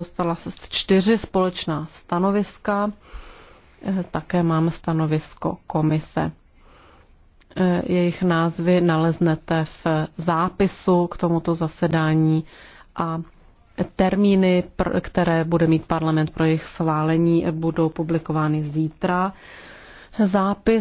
dostala se čtyři společná stanoviska, eh, také máme stanovisko komise. Eh, jejich názvy naleznete v zápisu k tomuto zasedání a termíny, které bude mít parlament pro jejich schválení, eh, budou publikovány zítra. Zápis